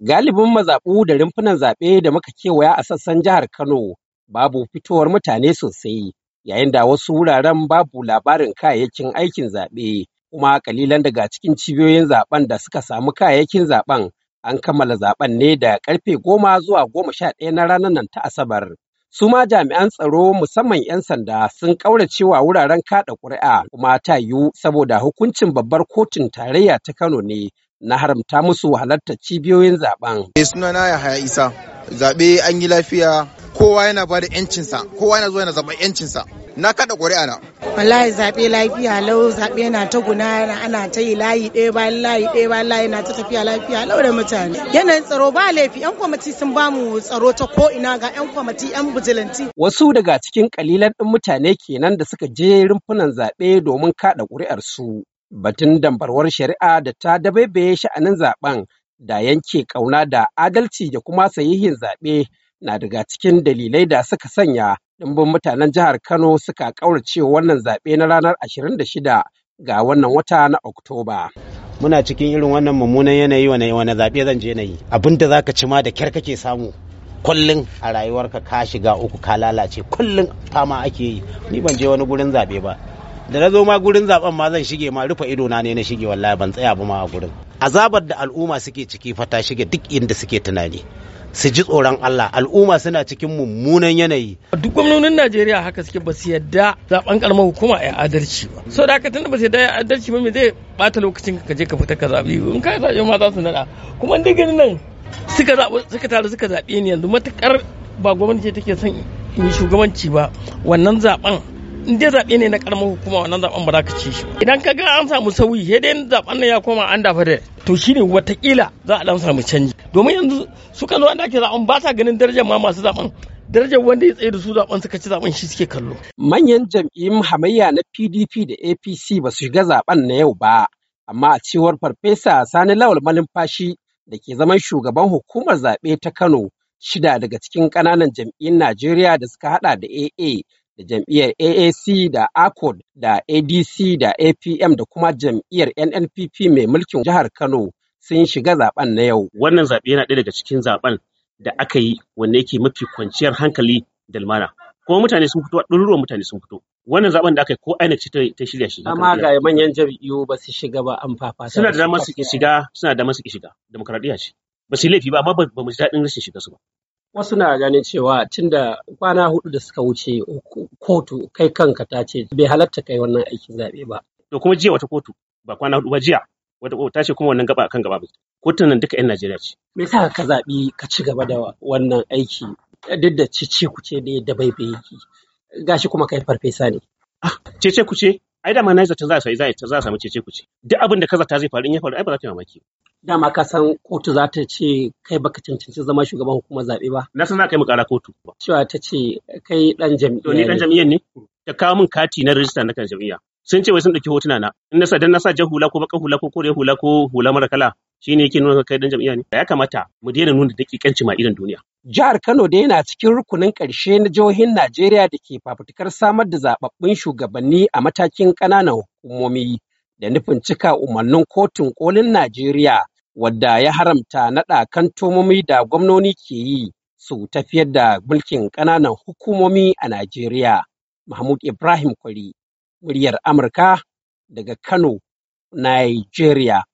Galibin mazaɓu da rumfunan zaɓe da muka kewaya a sassan jihar Kano babu fitowar mutane sosai, yayin da wasu wuraren babu labarin kayayyakin aikin zaɓe, kuma ƙalilan daga cikin cibiyoyin zaɓen da suka samu kayayyakin zaɓen an kammala zaɓen ne da ƙarfe goma zuwa goma sha ɗaya na ranar nan ta Asabar. su ma jami'an tsaro musamman 'yan sanda sun ƙauracewa wuraren kaɗa ƙuri'a kuma ta yiwu saboda hukuncin babbar kotun tarayya ta kano ne na haramta musu halartar cibiyoyin zaben. Eh, na ya haya isa zaɓe an yi lafiya kowa yana ba da yancinsa kowa yana zuwa yana zaɓa yancinsa na kada ƙuri'a na. Wallahi zaɓe lafiya lau zaɓe na ta guna yana ana ta yi layi ɗaya bayan layi ɗaya bayan layi na ta tafiya lafiya lau da mutane. Yanayin tsaro ba laifi yan kwamati sun ba mu tsaro ta ko ina ga yan kwamati yan bujilanti. Wasu daga cikin kalilan ɗin mutane kenan da suka je rumfunan zaɓe domin kaɗa ƙuri'ar su. batun dambarwar shari'a da ta dabaibaye sha'anin zaben da yanke kauna da adalci da kuma sayihin zaɓe na daga cikin dalilai da suka sanya dimbin mutanen jihar Kano suka ƙaurace wannan zaɓe na ranar 26 ga wannan wata na Oktoba. Muna cikin irin wannan mummunan yanayi wane zaɓe zan je nayi abin da zaka ci ma da kyar kake samu kullum a rayuwarka ka shiga uku ka lalace kullun fama ake yi ni ban je wani gurin zaɓe ba da na zo ma gurin zaben ma zan shige ma rufe ido na ne na shige wallahi ban tsaya ba ma a gurin azabar da al'umma suke ciki fa ta shige duk inda suke tunani su ji tsoron Allah al'umma suna cikin mummunan yanayi duk gwamnonin Najeriya haka suke ba su yadda zaben karamar hukuma a adalci ba so da haka tunda ba su yadda adalci ba me zai bata lokacin ka je ka fita ka zabi in ka zabe ma za su nada kuma duk nan suka zaɓi suka taru suka zaɓe ni yanzu matukar ba gwamnati take son yi shugabanci ba wannan zaben in dai zaɓe ne na karamar hukuma wannan zaɓen ba za ka ci shi idan ka ga an samu sauyi sai dai zaɓen nan ya koma an dafa da to shine watakila za a dan samu canji domin yanzu suka zo wanda ake zaɓen ba sa ganin darajar ma masu zaɓen darajar wanda ya tsaye da su zaɓen suka ci zaɓen shi suke kallo. Manyan jam'iyyun hamayya na PDP da APC ba su shiga zaɓen na yau ba, amma a cewar Farfesa Sani Lawal Malumfashi da ke zaman shugaban hukumar zaɓe ta Kano shida daga cikin ƙananan jam'iyyun Najeriya da suka haɗa da AA da jam'iyyar AAC da ACOD da ADC da APM da kuma jam'iyyar NNPP mai mulkin jihar Kano sun shiga zaben na yau. Wannan zaɓe yana ɗaya daga cikin zaben da aka yi wanda yake mafi kwanciyar hankali da lumana. Kuma mutane sun fito, ɗaruruwan mutane sun fito. Wannan zaben da aka yi ko INEC ce ta shirya shi. Amma ga manyan jam'iyyu ba su shiga ba an fafa. Suna da damar su shiga, suna da damar su shiga. ce. Ba su laifi ba, amma ba mu ji daɗin rashin shiga su ba. wasu na ganin cewa tun da kwana hudu da suka wuce kotu kai kanka ta ce bai halatta kai wannan aikin zaɓe ba. To kuma jiya wata kotu ba kwana hudu ba jiya wata kotu ta ce kuma wannan gaba kan gaba ba. Kotun nan duka 'yan Najeriya ce. Me yasa ka zaɓi ka ci gaba da wannan aiki duk da cece kuce da yadda bai bai yi gashi kuma kai farfesa ne. Ah, cece kuce ai ma na yi zaton za a sai za a samu cece kuce duk abin da ka zata zai faru in ya faru ai ba za ta yi mamaki dama ka san kotu za ta ce kai baka cancanci zama shugaban hukumar zaɓe ba. Na san za kai mu ƙara kotu. Cewa ta ce kai ɗan jam'iyya. To ni ɗan jam'iyyar ne? Ta kawo min kati na rajista na kan jam'iyya. Sun ce wai sun ɗauki hotuna na. In na sa dan na sa jan hula ko baka hula ko kore hula ko hula mara kala. Shi ne yake nuna kai ɗan jam'iyya ne. Ya kamata mu daina nuna ƙiƙanci ma irin duniya. Jihar Kano dai yana cikin rukunin ƙarshe na jihohin Najeriya da ke fafutukar samar da zaɓaɓɓun shugabanni a matakin ƙananan hukumomi da nufin cika umarnin kotun kolin Najeriya wadda ya haramta naɗa kantomomi da gwamnoni ke yi su tafiyar da mulkin ƙananan hukumomi a Najeriya. Mahmud Ibrahim Kwari, muryar Amurka daga Kano, Nigeria.